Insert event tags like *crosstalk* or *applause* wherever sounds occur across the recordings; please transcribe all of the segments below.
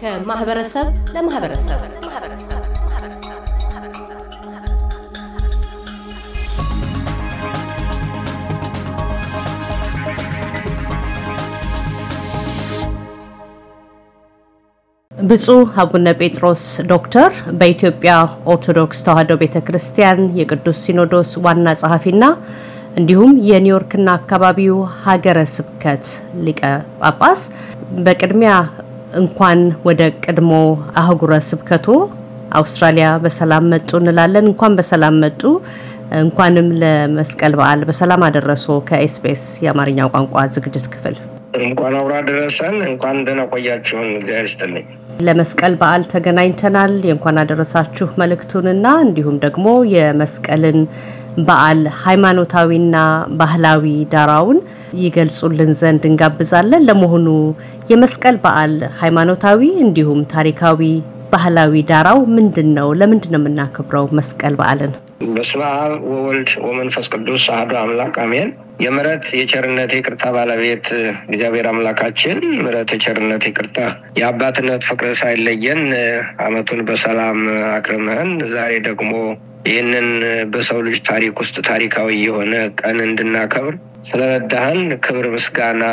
ከማህበረሰብ ለማህበረሰብ ብፁዕ አቡነ ጴጥሮስ ዶክተር በኢትዮጵያ ኦርቶዶክስ ተዋሕዶ ቤተ ክርስቲያን የቅዱስ ሲኖዶስ ዋና ጸሐፊና እንዲሁም የኒውዮርክና አካባቢው ሀገረ ስብከት ሊቀ ጳጳስ፣ በቅድሚያ እንኳን ወደ ቅድሞ አህጉረ ስብከቱ አውስትራሊያ በሰላም መጡ እንላለን። እንኳን በሰላም መጡ። እንኳንም ለመስቀል በዓል በሰላም አደረሶ። ከኤስቢኤስ የአማርኛ ቋንቋ ዝግጅት ክፍል እንኳን አውራ ደረሰን። እንኳን ደህና ቆያችሁን። እግዚአብሔር ይስጥልኝ። ለመስቀል በዓል ተገናኝተናል። የእንኳን አደረሳችሁ መልእክቱንና እንዲሁም ደግሞ የመስቀልን በዓል ሃይማኖታዊና ባህላዊ ዳራውን ይገልጹልን ዘንድ እንጋብዛለን። ለመሆኑ የመስቀል በዓል ሃይማኖታዊ እንዲሁም ታሪካዊ ባህላዊ ዳራው ምንድን ነው? ለምንድን ነው የምናከብረው መስቀል በዓልን? በስመ አብ ወወልድ ወመንፈስ ቅዱስ አህዶ አምላክ አሜን። የምረት የቸርነት የቅርታ ባለቤት እግዚአብሔር አምላካችን ምረት የቸርነት የቅርታ የአባትነት ፍቅር ሳይለየን አመቱን በሰላም አክርምህን ዛሬ ደግሞ ይህንን በሰው ልጅ ታሪክ ውስጥ ታሪካዊ የሆነ ቀን እንድናከብር ስለረዳህን ክብር፣ ምስጋና፣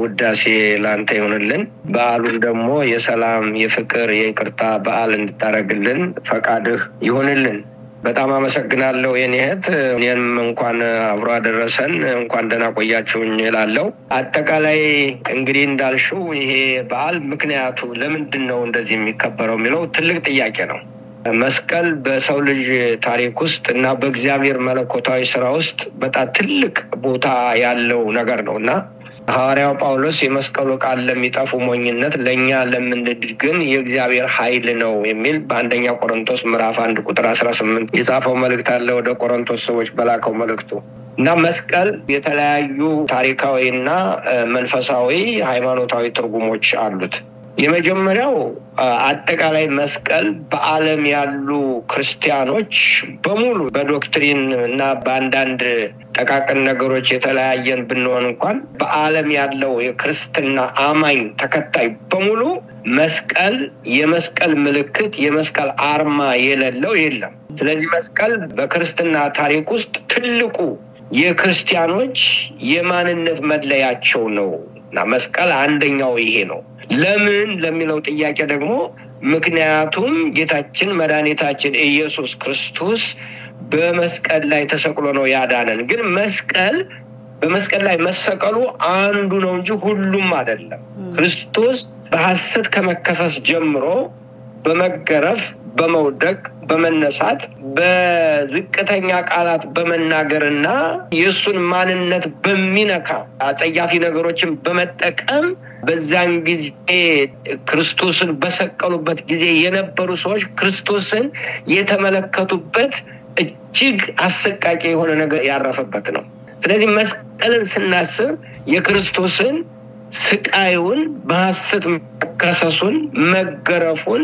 ውዳሴ ላንተ ይሆንልን። በዓሉን ደግሞ የሰላም የፍቅር፣ የይቅርታ በዓል እንድታደርግልን ፈቃድህ ይሆንልን። በጣም አመሰግናለሁ የኔ እህት። እኔም እንኳን አብሮ አደረሰን እንኳን ደህና ቆያችሁኝ እላለሁ። አጠቃላይ እንግዲህ እንዳልሽው ይሄ በዓል ምክንያቱ ለምንድን ነው እንደዚህ የሚከበረው የሚለው ትልቅ ጥያቄ ነው። መስቀል በሰው ልጅ ታሪክ ውስጥ እና በእግዚአብሔር መለኮታዊ ስራ ውስጥ በጣም ትልቅ ቦታ ያለው ነገር ነው እና ሐዋርያው ጳውሎስ የመስቀሉ ቃል ለሚጠፉ ሞኝነት ለእኛ ለምንድድ ግን የእግዚአብሔር ኃይል ነው የሚል በአንደኛ ቆሮንቶስ ምዕራፍ አንድ ቁጥር አስራ ስምንት የጻፈው መልእክት አለ ወደ ቆሮንቶስ ሰዎች በላከው መልእክቱ እና መስቀል የተለያዩ ታሪካዊ እና መንፈሳዊ ሃይማኖታዊ ትርጉሞች አሉት። የመጀመሪያው አጠቃላይ መስቀል በዓለም ያሉ ክርስቲያኖች በሙሉ በዶክትሪን እና በአንዳንድ ጠቃቅን ነገሮች የተለያየን ብንሆን እንኳን በዓለም ያለው የክርስትና አማኝ ተከታይ በሙሉ መስቀል የመስቀል ምልክት የመስቀል አርማ የሌለው የለም። ስለዚህ መስቀል በክርስትና ታሪክ ውስጥ ትልቁ የክርስቲያኖች የማንነት መለያቸው ነው እና መስቀል አንደኛው ይሄ ነው። ለምን ለሚለው ጥያቄ ደግሞ ምክንያቱም ጌታችን መድኃኒታችን ኢየሱስ ክርስቶስ በመስቀል ላይ ተሰቅሎ ነው ያዳነን። ግን መስቀል በመስቀል ላይ መሰቀሉ አንዱ ነው እንጂ ሁሉም አይደለም። ክርስቶስ በሐሰት ከመከሰስ ጀምሮ በመገረፍ በመውደቅ በመነሳት በዝቅተኛ ቃላት በመናገርና የእሱን ማንነት በሚነካ አጸያፊ ነገሮችን በመጠቀም በዛን ጊዜ ክርስቶስን በሰቀሉበት ጊዜ የነበሩ ሰዎች ክርስቶስን የተመለከቱበት እጅግ አሰቃቂ የሆነ ነገር ያረፈበት ነው። ስለዚህ መስቀልን ስናስብ የክርስቶስን ስቃዩን በሀሰት መከሰሱን መገረፉን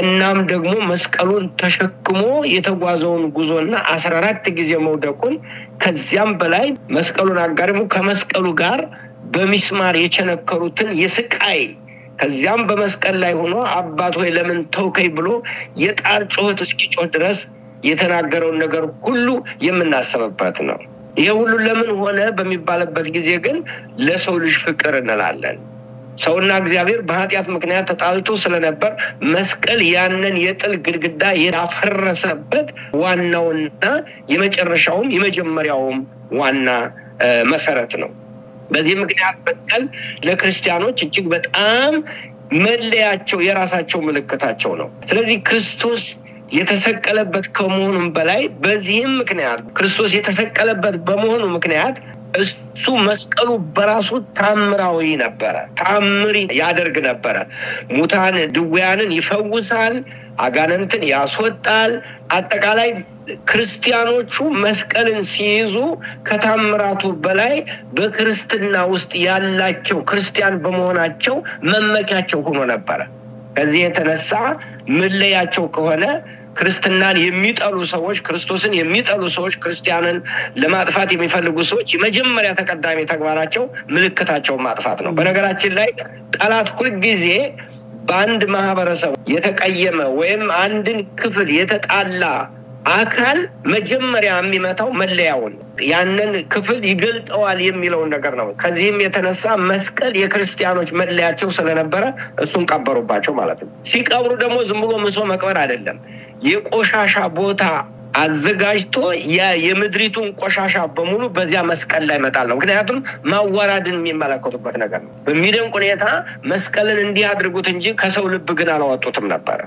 እናም ደግሞ መስቀሉን ተሸክሞ የተጓዘውን ጉዞና አስራ አራት ጊዜ መውደቁን ከዚያም በላይ መስቀሉን አጋድሞ ከመስቀሉ ጋር በሚስማር የቸነከሩትን የስቃይ ከዚያም በመስቀል ላይ ሆኖ አባት ወይ ለምን ተውከኝ ብሎ የጣር ጩኸት እስኪጮህ ድረስ የተናገረውን ነገር ሁሉ የምናስብበት ነው። ይሄ ሁሉ ለምን ሆነ በሚባልበት ጊዜ ግን ለሰው ልጅ ፍቅር እንላለን። ሰውና እግዚአብሔር በኃጢአት ምክንያት ተጣልቶ ስለነበር መስቀል ያንን የጥል ግድግዳ ያፈረሰበት ዋናውና የመጨረሻውም የመጀመሪያውም ዋና መሰረት ነው። በዚህ ምክንያት መስቀል ለክርስቲያኖች እጅግ በጣም መለያቸው የራሳቸው ምልክታቸው ነው። ስለዚህ ክርስቶስ የተሰቀለበት ከመሆኑም በላይ በዚህም ምክንያት ክርስቶስ የተሰቀለበት በመሆኑ ምክንያት እሱ መስቀሉ በራሱ ታምራዊ ነበረ። ታምሪ ያደርግ ነበረ። ሙታን ድውያንን ይፈውሳል፣ አጋንንትን ያስወጣል። አጠቃላይ ክርስቲያኖቹ መስቀልን ሲይዙ ከታምራቱ በላይ በክርስትና ውስጥ ያላቸው ክርስቲያን በመሆናቸው መመኪያቸው ሆኖ ነበረ። ከዚህ የተነሳ ምለያቸው ከሆነ ክርስትናን የሚጠሉ ሰዎች፣ ክርስቶስን የሚጠሉ ሰዎች፣ ክርስቲያንን ለማጥፋት የሚፈልጉ ሰዎች የመጀመሪያ ተቀዳሚ ተግባራቸው ምልክታቸውን ማጥፋት ነው። በነገራችን ላይ ጠላት ሁልጊዜ በአንድ ማህበረሰብ የተቀየመ ወይም አንድን ክፍል የተጣላ አካል መጀመሪያ የሚመታው መለያውን ያንን ክፍል ይገልጠዋል የሚለውን ነገር ነው። ከዚህም የተነሳ መስቀል የክርስቲያኖች መለያቸው ስለነበረ እሱን ቀበሩባቸው ማለት ነው። ሲቀብሩ ደግሞ ዝም ብሎ ምሶ መቅበር አይደለም። የቆሻሻ ቦታ አዘጋጅቶ የምድሪቱን ቆሻሻ በሙሉ በዚያ መስቀል ላይ መጣል ነው። ምክንያቱም ማዋራድን የሚመለከቱበት ነገር ነው። በሚደንቅ ሁኔታ መስቀልን እንዲህ አድርጉት እንጂ ከሰው ልብ ግን አላወጡትም ነበር።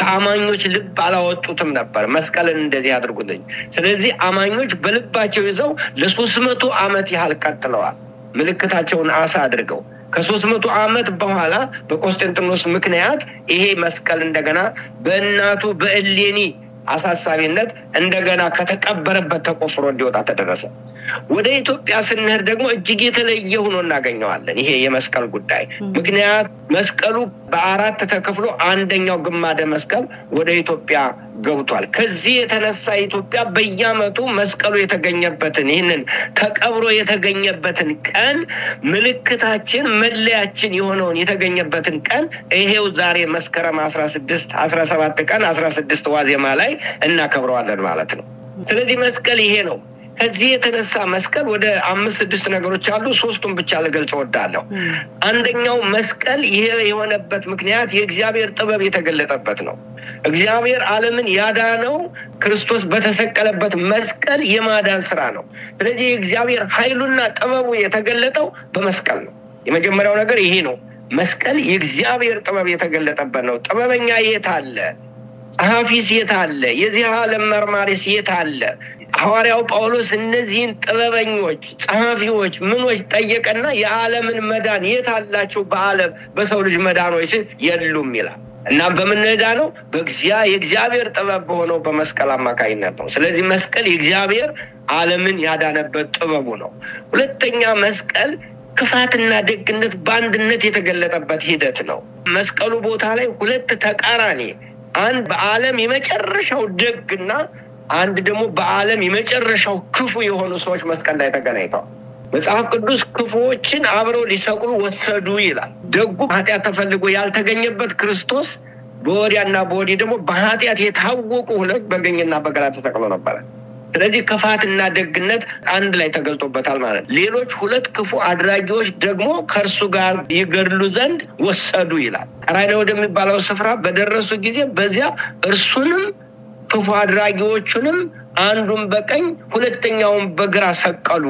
ከአማኞች ልብ አላወጡትም ነበር መስቀልን እንደዚህ አድርጉት ስለዚህ አማኞች በልባቸው ይዘው ለሶስት መቶ ዓመት ያህል ቀጥለዋል። ምልክታቸውን አሳ አድርገው ከሶስት መቶ ዓመት በኋላ በቆስጠንጥኖስ ምክንያት ይሄ መስቀል እንደገና በእናቱ በእሌኒ አሳሳቢነት እንደገና ከተቀበረበት ተቆፍሮ እንዲወጣ ተደረሰ። ወደ ኢትዮጵያ ስንሄድ ደግሞ እጅግ የተለየ ሆኖ እናገኘዋለን። ይሄ የመስቀል ጉዳይ ምክንያት መስቀሉ በአራት ተከፍሎ አንደኛው ግማደ መስቀል ወደ ኢትዮጵያ ገብቷል። ከዚህ የተነሳ ኢትዮጵያ በየአመቱ መስቀሉ የተገኘበትን ይህንን ተቀብሮ የተገኘበትን ቀን ምልክታችን፣ መለያችን የሆነውን የተገኘበትን ቀን ይሄው ዛሬ መስከረም አስራ ስድስት አስራ ሰባት ቀን አስራ ስድስት ዋዜማ ላይ እናከብረዋለን ማለት ነው። ስለዚህ መስቀል ይሄ ነው። ከዚህ የተነሳ መስቀል ወደ አምስት ስድስት ነገሮች አሉ። ሶስቱን ብቻ ልገልጽ እወዳለሁ። አንደኛው መስቀል ይህ የሆነበት ምክንያት የእግዚአብሔር ጥበብ የተገለጠበት ነው። እግዚአብሔር አለምን ያዳነው ክርስቶስ በተሰቀለበት መስቀል የማዳን ስራ ነው። ስለዚህ የእግዚአብሔር ኃይሉና ጥበቡ የተገለጠው በመስቀል ነው። የመጀመሪያው ነገር ይሄ ነው። መስቀል የእግዚአብሔር ጥበብ የተገለጠበት ነው። ጥበበኛ የት አለ? ጸሐፊስ የት አለ? የዚህ ዓለም መርማሪስ የት አለ? ሐዋርያው ጳውሎስ እነዚህን ጥበበኞች፣ ጸሐፊዎች፣ ምኖች ጠየቀና የዓለምን መዳን የት አላቸው? በዓለም በሰው ልጅ መዳኖች የሉም ይላል። እና በምንዳ ነው የእግዚአብሔር ጥበብ በሆነው በመስቀል አማካኝነት ነው። ስለዚህ መስቀል የእግዚአብሔር ዓለምን ያዳነበት ጥበቡ ነው። ሁለተኛ መስቀል ክፋትና ደግነት በአንድነት የተገለጠበት ሂደት ነው። መስቀሉ ቦታ ላይ ሁለት ተቃራኒ አንድ በዓለም የመጨረሻው ደግና አንድ ደግሞ በዓለም የመጨረሻው ክፉ የሆኑ ሰዎች መስቀል ላይ ተገናኝተዋል። መጽሐፍ ቅዱስ ክፉዎችን አብረው ሊሰቅሉ ወሰዱ ይላል። ደጉ ኃጢአት ተፈልጎ ያልተገኘበት ክርስቶስ በወዲያና በወዲህ ደግሞ በኃጢአት የታወቁ ሁለት በገኝና በገላ ተሰቅሎ ነበረ። ስለዚህ ክፋትና ደግነት አንድ ላይ ተገልጦበታል ማለት ሌሎች ሁለት ክፉ አድራጊዎች ደግሞ ከእርሱ ጋር ይገድሉ ዘንድ ወሰዱ ይላል። ቀራንዮ ወደሚባለው ስፍራ በደረሱ ጊዜ በዚያ እርሱንም ክፉ አድራጊዎቹንም አንዱን በቀኝ ሁለተኛውን በግራ ሰቀሉ።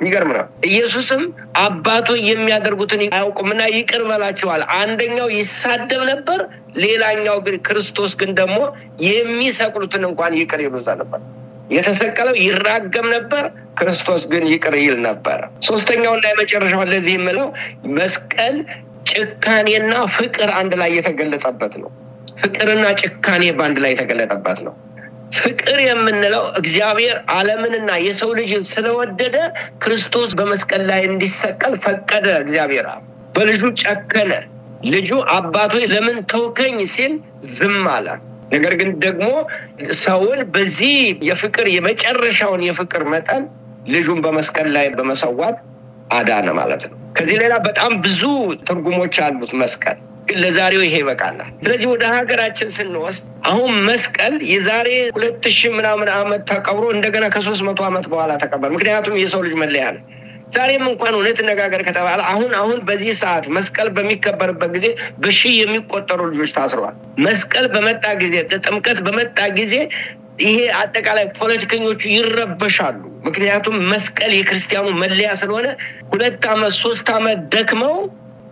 የሚገርም ነው። ኢየሱስም አባቱ የሚያደርጉትን አያውቁምና ይቅር በላቸዋል። አንደኛው ይሳደብ ነበር፣ ሌላኛው ግን ክርስቶስ ግን ደግሞ የሚሰቅሉትን እንኳን ይቅር ይሉዛ ነበር። የተሰቀለው ይራገም ነበር፣ ክርስቶስ ግን ይቅር ይል ነበር። ሶስተኛውና የመጨረሻው ለዚህ የምለው መስቀል ጭካኔና ፍቅር አንድ ላይ የተገለጸበት ነው። ፍቅርና ጭካኔ በአንድ ላይ የተገለጠባት ነው። ፍቅር የምንለው እግዚአብሔር አለምንና የሰው ልጅን ስለወደደ ክርስቶስ በመስቀል ላይ እንዲሰቀል ፈቀደ። እግዚአብሔር በልጁ ጨከነ። ልጁ አባቶ ለምን ተውከኝ ሲል ዝም አለ። ነገር ግን ደግሞ ሰውን በዚህ የፍቅር የመጨረሻውን የፍቅር መጠን ልጁን በመስቀል ላይ በመሰዋት አዳነ ማለት ነው። ከዚህ ሌላ በጣም ብዙ ትርጉሞች አሉት መስቀል ግን ለዛሬው ይሄ ይበቃላል። ስለዚህ ወደ ሀገራችን ስንወስድ አሁን መስቀል የዛሬ ሁለት ሺህ ምናምን ዓመት ተቀብሮ እንደገና ከሶስት መቶ ዓመት በኋላ ተቀበር። ምክንያቱም የሰው ልጅ መለያ ነው። ዛሬም እንኳን እውነት ነጋገር ከተባለ አሁን አሁን በዚህ ሰዓት መስቀል በሚከበርበት ጊዜ በሺህ የሚቆጠሩ ልጆች ታስረዋል። መስቀል በመጣ ጊዜ፣ ጥምቀት በመጣ ጊዜ ይሄ አጠቃላይ ፖለቲከኞቹ ይረበሻሉ። ምክንያቱም መስቀል የክርስቲያኑ መለያ ስለሆነ ሁለት ዓመት ሶስት ዓመት ደክመው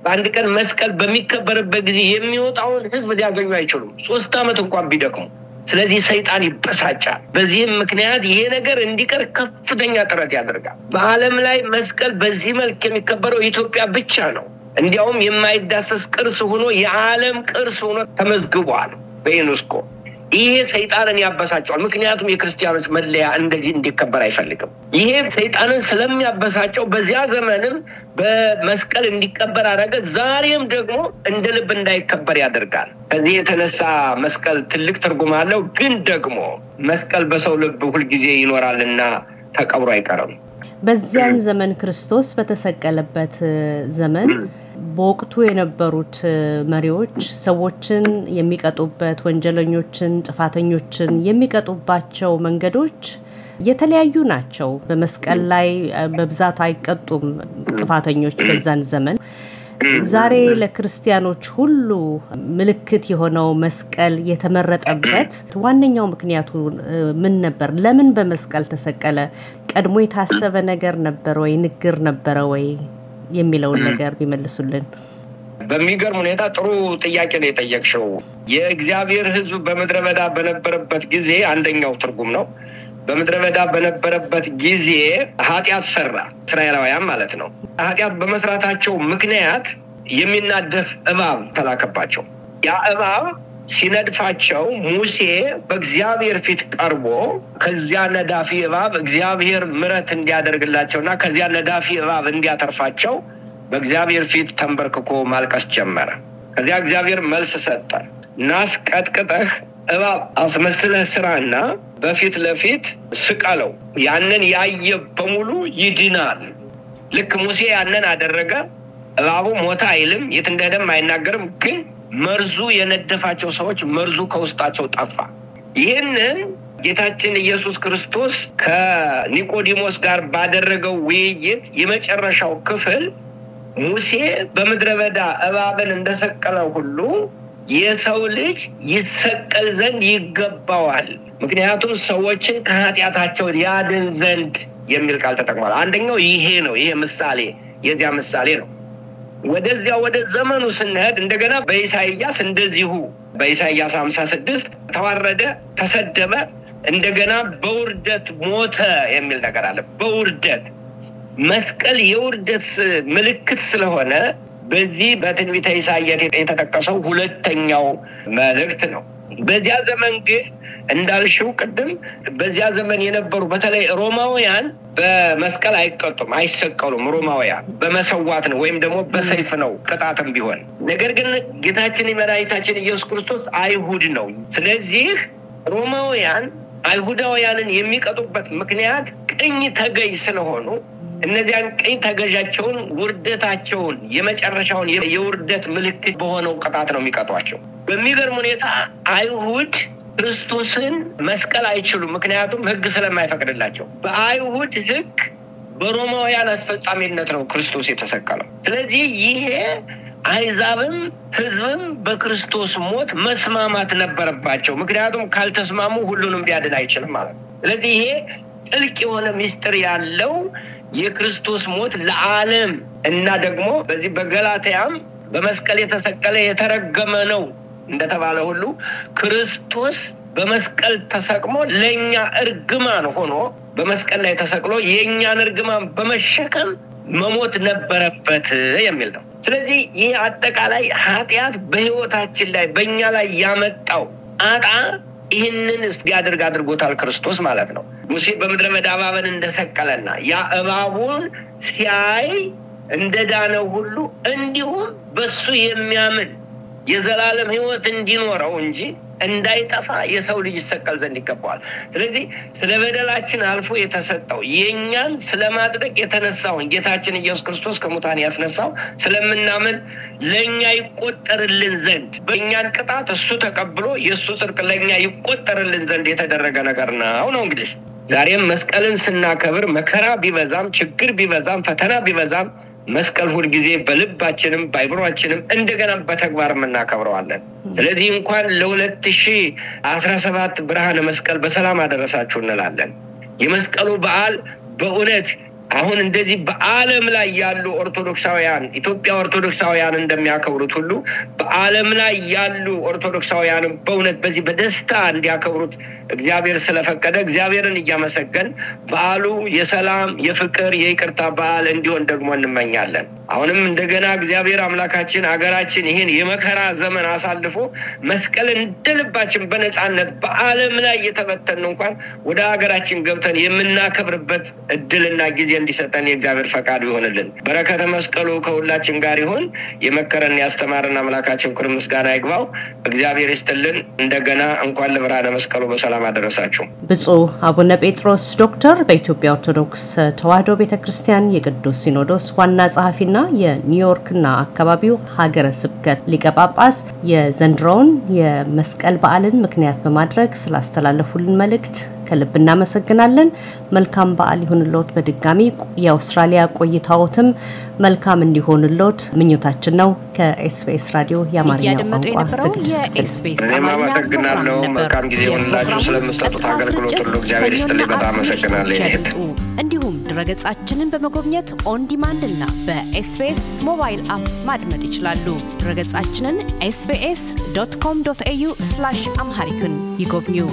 በአንድ ቀን መስቀል በሚከበርበት ጊዜ የሚወጣውን ህዝብ ሊያገኙ አይችሉም ሶስት ዓመት እንኳን ቢደክሙ ስለዚህ ሰይጣን ይበሳጫል በዚህም ምክንያት ይሄ ነገር እንዲቀር ከፍተኛ ጥረት ያደርጋል በአለም ላይ መስቀል በዚህ መልክ የሚከበረው ኢትዮጵያ ብቻ ነው እንዲያውም የማይዳሰስ ቅርስ ሆኖ የዓለም ቅርስ ሆኖ ተመዝግቧል በዩኔስኮ ይሄ ሰይጣንን ያበሳጨዋል። ምክንያቱም የክርስቲያኖች መለያ እንደዚህ እንዲከበር አይፈልግም። ይሄ ሰይጣንን ስለሚያበሳጨው በዚያ ዘመንም በመስቀል እንዲቀበር አደረገ። ዛሬም ደግሞ እንደ ልብ እንዳይከበር ያደርጋል። ከዚህ የተነሳ መስቀል ትልቅ ትርጉም አለው። ግን ደግሞ መስቀል በሰው ልብ ሁልጊዜ ይኖራልና ተቀብሮ አይቀርም። በዚያን ዘመን ክርስቶስ በተሰቀለበት ዘመን በወቅቱ የነበሩት መሪዎች ሰዎችን የሚቀጡበት፣ ወንጀለኞችን፣ ጥፋተኞችን የሚቀጡባቸው መንገዶች የተለያዩ ናቸው። በመስቀል ላይ በብዛት አይቀጡም ጥፋተኞች በዛን ዘመን። ዛሬ ለክርስቲያኖች ሁሉ ምልክት የሆነው መስቀል የተመረጠበት ዋነኛው ምክንያቱ ምን ነበር? ለምን በመስቀል ተሰቀለ? ቀድሞ የታሰበ ነገር ነበረ ወይ? ንግር ነበረ ወይ? የሚለውን *clears throat* ነገር ቢመልሱልን። በሚገርም ሁኔታ ጥሩ ጥያቄ ነው የጠየቅሽው። የእግዚአብሔር ህዝብ በምድረ በዳ በነበረበት ጊዜ አንደኛው ትርጉም ነው። በምድረ በዳ በነበረበት ጊዜ ኃጢአት ሰራ፣ እስራኤላውያን ማለት ነው። ኃጢአት በመስራታቸው ምክንያት የሚናደፍ እባብ ተላከባቸው። ያ እባብ ሲነድፋቸው ሙሴ በእግዚአብሔር ፊት ቀርቦ ከዚያ ነዳፊ እባብ እግዚአብሔር ምረት እንዲያደርግላቸው ና ከዚያ ነዳፊ እባብ እንዲያተርፋቸው በእግዚአብሔር ፊት ተንበርክኮ ማልቀስ ጀመረ። ከዚያ እግዚአብሔር መልስ ሰጠ። ናስ ቀጥቅጠህ እባብ አስመስለህ ስራና በፊት ለፊት ስቀለው፣ ያንን ያየ በሙሉ ይድናል። ልክ ሙሴ ያንን አደረገ። እባቡ ሞታ አይልም፣ የት እንደደም አይናገርም ግን መርዙ የነደፋቸው ሰዎች መርዙ ከውስጣቸው ጠፋ። ይህንን ጌታችን ኢየሱስ ክርስቶስ ከኒቆዲሞስ ጋር ባደረገው ውይይት የመጨረሻው ክፍል ሙሴ በምድረ በዳ እባብን እንደሰቀለ ሁሉ የሰው ልጅ ይሰቀል ዘንድ ይገባዋል፣ ምክንያቱም ሰዎችን ከኃጢአታቸው ያድን ዘንድ የሚል ቃል ተጠቅሟል። አንደኛው ይሄ ነው። ይሄ ምሳሌ የዚያ ምሳሌ ነው። ወደዚያ ወደ ዘመኑ ስንሄድ እንደገና በኢሳይያስ እንደዚሁ በኢሳይያስ ሀምሳ ስድስት ተዋረደ፣ ተሰደበ፣ እንደገና በውርደት ሞተ የሚል ነገር አለ። በውርደት መስቀል የውርደት ምልክት ስለሆነ በዚህ በትንቢተ ኢሳይያስ የተጠቀሰው ሁለተኛው መልእክት ነው። በዚያ ዘመን ግን እንዳልሽው ቅድም በዚያ ዘመን የነበሩ በተለይ ሮማውያን በመስቀል አይቀጡም፣ አይሰቀሉም። ሮማውያን በመሰዋት ነው ወይም ደግሞ በሰይፍ ነው ቅጣትም ቢሆን። ነገር ግን ጌታችን መድኃኒታችን ኢየሱስ ክርስቶስ አይሁድ ነው። ስለዚህ ሮማውያን አይሁዳውያንን የሚቀጡበት ምክንያት ቅኝ ተገዥ ስለሆኑ እነዚያን ቅኝ ተገዣቸውን ውርደታቸውን የመጨረሻውን የውርደት ምልክት በሆነው ቅጣት ነው የሚቀጧቸው። በሚገርም ሁኔታ አይሁድ ክርስቶስን መስቀል አይችሉም። ምክንያቱም ህግ ስለማይፈቅድላቸው በአይሁድ ህግ በሮማውያን አስፈጻሚነት ነው ክርስቶስ የተሰቀለው። ስለዚህ ይሄ አይዛብም ህዝብም በክርስቶስ ሞት መስማማት ነበረባቸው። ምክንያቱም ካልተስማሙ ሁሉንም ቢያድን አይችልም ማለት ነው። ስለዚህ ይሄ ጥልቅ የሆነ ምስጢር ያለው የክርስቶስ ሞት ለዓለም እና ደግሞ በዚህ በገላትያም በመስቀል የተሰቀለ የተረገመ ነው እንደተባለ ሁሉ ክርስቶስ በመስቀል ተሰቅሞ ለእኛ እርግማን ሆኖ በመስቀል ላይ ተሰቅሎ የእኛን እርግማን በመሸከም መሞት ነበረበት የሚል ነው። ስለዚህ ይህ አጠቃላይ ኃጢአት በህይወታችን ላይ በእኛ ላይ ያመጣው አጣ ይህንን አድርግ አድርጎታል ክርስቶስ ማለት ነው። ሙሴ በምድረ መዳባበን እንደሰቀለና ያ እባቡን ሲያይ እንደዳነው ሁሉ እንዲሁም በሱ የሚያምን የዘላለም ህይወት እንዲኖረው እንጂ እንዳይጠፋ የሰው ልጅ ይሰቀል ዘንድ ይገባዋል። ስለዚህ ስለ በደላችን አልፎ የተሰጠው የእኛን ስለማጽደቅ የተነሳውን ጌታችን ኢየሱስ ክርስቶስ ከሙታን ያስነሳው ስለምናምን ለእኛ ይቆጠርልን ዘንድ በእኛን ቅጣት እሱ ተቀብሎ የእሱ ጽድቅ ለእኛ ይቆጠርልን ዘንድ የተደረገ ነገር ነው ነው እንግዲህ ዛሬም መስቀልን ስናከብር መከራ ቢበዛም ችግር ቢበዛም ፈተና ቢበዛም መስቀል ሁልጊዜ በልባችንም በአይምሯችንም እንደገና በተግባር እናከብረዋለን። ስለዚህ እንኳን ለሁለት ሺህ አስራ ሰባት ብርሃነ መስቀል በሰላም አደረሳችሁ እንላለን። የመስቀሉ በዓል በእውነት አሁን እንደዚህ በአለም ላይ ያሉ ኦርቶዶክሳውያን ኢትዮጵያ ኦርቶዶክሳውያን እንደሚያከብሩት ሁሉ በአለም ላይ ያሉ ኦርቶዶክሳውያን በእውነት በዚህ በደስታ እንዲያከብሩት እግዚአብሔር ስለፈቀደ እግዚአብሔርን እያመሰገን በዓሉ የሰላም የፍቅር የይቅርታ በዓል እንዲሆን ደግሞ እንመኛለን አሁንም እንደገና እግዚአብሔር አምላካችን ሀገራችን ይህን የመከራ ዘመን አሳልፎ መስቀል እንደልባችን በነፃነት በአለም ላይ እየተበተን እንኳን ወደ ሀገራችን ገብተን የምናከብርበት እድልና ጊዜ እንዲሰጠን የእግዚአብሔር ፈቃዱ ይሆንልን። በረከተ መስቀሉ ከሁላችን ጋር ይሁን። የመከረን ያስተማረን አምላካችን ክብር ምስጋና ይግባው። እግዚአብሔር ይስጥልን። እንደገና እንኳን ለብርሃነ መስቀሉ በሰላም አደረሳችሁ። ብፁ አቡነ ጴጥሮስ ዶክተር በኢትዮጵያ ኦርቶዶክስ ተዋህዶ ቤተክርስቲያን የቅዱስ ሲኖዶስ ዋና ጸሐፊ የሆኑትና የኒውዮርክና አካባቢው ሀገረ ስብከት ሊቀ ጳጳስ የዘንድሮውን የመስቀል በዓልን ምክንያት በማድረግ ስላስተላለፉልን መልእክት ከልብ እናመሰግናለን። መልካም በዓል ይሁንልዎት። በድጋሚ የአውስትራሊያ ቆይታዎትም መልካም እንዲሆንልዎት ምኞታችን ነው። ከኤስቢኤስ ራዲዮ የአማርኛ ቋንቋ መልካም ጊዜ ይሁንላችሁ። ስለምሰጡት አገልግሎት ሁሉ እግዚአብሔር ይስጥልኝ። በጣም አመሰግናለሁ። እንዲሁም ድረገጻችንን በመጎብኘት ኦንዲማንድ እና በኤስቢኤስ ሞባይል አፕ ማድመጥ ይችላሉ። ድረገጻችንን ኤስቢኤስ ዶት ኮም ዶት ኤዩ አምሃሪክን ይጎብኙ።